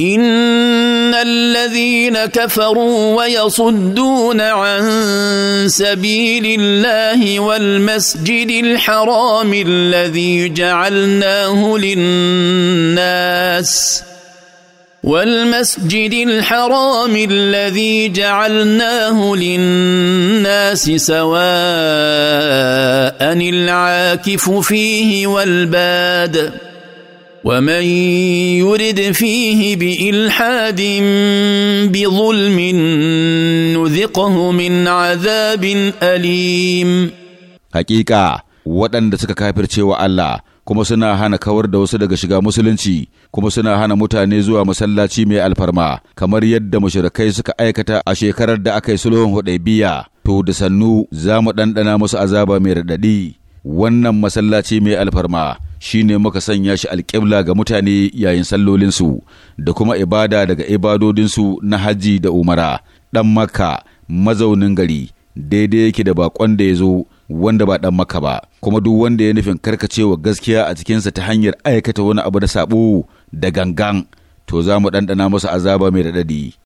ان الذين كفروا ويصدون عن سبيل الله والمسجد الحرام الذي جعلناه للناس والمسجد الحرام الذي جعلناه للناس سواء العاكف فيه والباد ومن يرد فيه بالحاد بظلم نذقه من عذاب اليم Haƙiƙa, waɗanda suka kafirce wa Allah kuma suna hana kawar da wasu daga shiga musulunci kuma suna hana mutane zuwa masallaci mai alfarma kamar yadda mushrikai suka aikata a shekarar da aka yi sulhun hudaybiya to da sannu za mu ɗanɗana musu azaba mai raɗaɗi wannan masallaci mai alfarma shi ne muka sanya shi alƙibla ga mutane yayin sallolinsu da kuma ibada daga ibadodinsu na hajji da umara ɗan maka mazaunin gari daidai yake da baƙon da ya zo wanda ba ɗan maka ba kuma duk wanda ya nufin karkacewa gaskiya a cikinsa ta hanyar aikata wani abu da sabo da gangan to za mu ɗanɗana masa azaba mai raɗaɗi